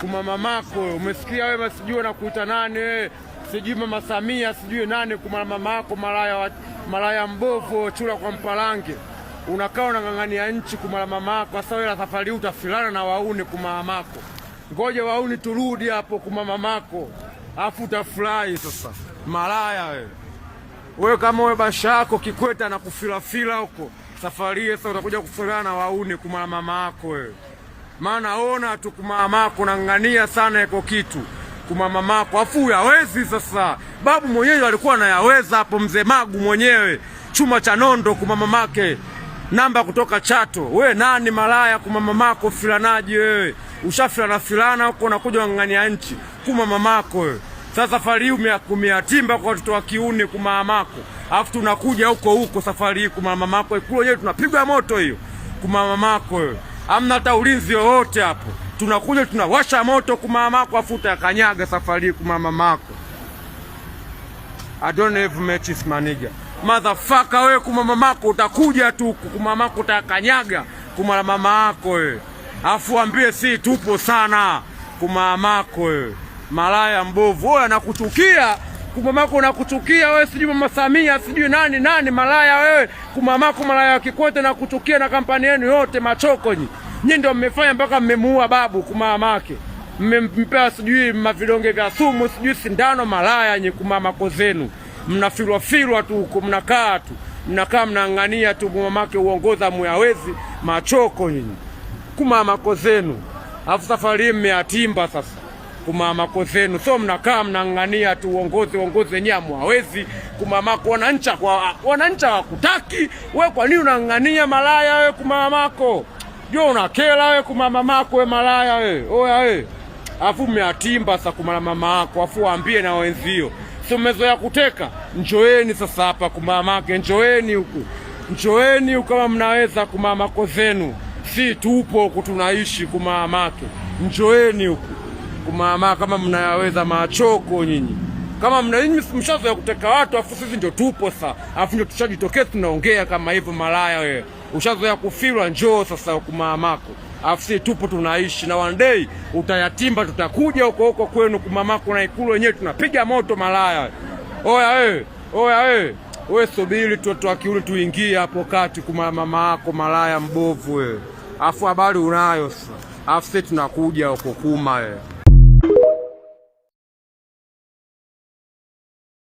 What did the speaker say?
kuma mamako, umesikia wewe masijui nakuita nani wewe, sijui mama Samia sijui nani, kuma mamako malaya, malaya mbovu chula kwa mpalange unakaa unang'ang'ania nchi kumala mamako. Sasa wewe safari utafilana na wauni mamako ngoja wauni turudi hapo kuma mamako afu utafurahi sasa. Malaya wewe, wewe kama wewe bashako yako Kikwete anakufilafila huko, safari sasa utakuja kufilana na wauni kumala mamako wewe maana ona tu kumamako nang'ania sana iko kitu kumamamako afu yawezi sasa. Babu mwenyewe alikuwa anayaweza hapo, mzee Magu mwenyewe chuma cha nondo kumamamake namba kutoka Chato. We nani malaya kumamamako filanaji wewe, ushafilana filana huko unakuja wang'ania nchi kumamamako wewe. Sasa safari hii kumiatimba kwa watoto wa kiune kumamamako, alafu tunakuja huko huko safari hii kumamamako, kule yeye tunapigwa moto hiyo kumamamako wewe hamna hata ulinzi wowote hapo. Tunakuja tunawasha moto kumamako, afuta kanyaga safari kumamamako. I don't have matches manager. motherfucker, wewe kumamamako utakuja tu kumamako utakanyaga kumala mama yako wewe, eh. afu ambie si tupo sana kumamako wewe, eh. malaya mbovu, wewe anakuchukia kumamako unakuchukia wewe, sijui mama Samia sijui nani nani, malaya wewe, kumamako malaya wa Kikwete na kuchukia na kampani yenu yote, machoko nyi nyi, ndio mmefanya mpaka mmemuua babu kumamake, mmempea sijui mavidonge vya sumu sijui sindano, malaya nyi, kumamako zenu mnafirwafirwa tu huko, mnakaa tu mnakaa mnaang'ania tu mamake uongoza, muyawezi machoko nyinyi kumamako zenu, alafu safari mmeatimba sasa kumamako zenu, so mnakaa mnang'ania tu uongozi uongozi wenyewe hamwawezi kumamako. Wananchi kwa wananchi hawakutaki wewe, kwa nini unang'ania malaya wewe kumamako? Jua unakela wewe kumamamako wewe malaya wewe, oya wewe, afu mmeatimba sasa kumamama yako, afu waambie na wenzio, si mmezoea kuteka? Njoeni sasa hapa kumamake, njoeni huku, njoeni huku kama mnaweza kumamako zenu, si tupo huku tunaishi kumamake, njoeni huku kumaamaa kama mnayaweza machoko nyinyi, kama mna nyinyi mshazoea kuteka watu, afu sisi ndio tupo sasa, afu ndio tushajitokea tunaongea kama hivyo. Malaya wewe, ushazoea kufilwa, njoo sasa kumaamako, afu sisi tupo tunaishi, na one day utayatimba, tutakuja huko huko kwenu kumaamako na Ikulu wenyewe tunapiga moto malaya. Oya wewe, oya wewe, wewe subiri tu watu wa akiuli tuingie hapo kati kumamama ako malaya mbovu wewe, afu habari unayo sasa, afu sisi tunakuja huko kuma wewe.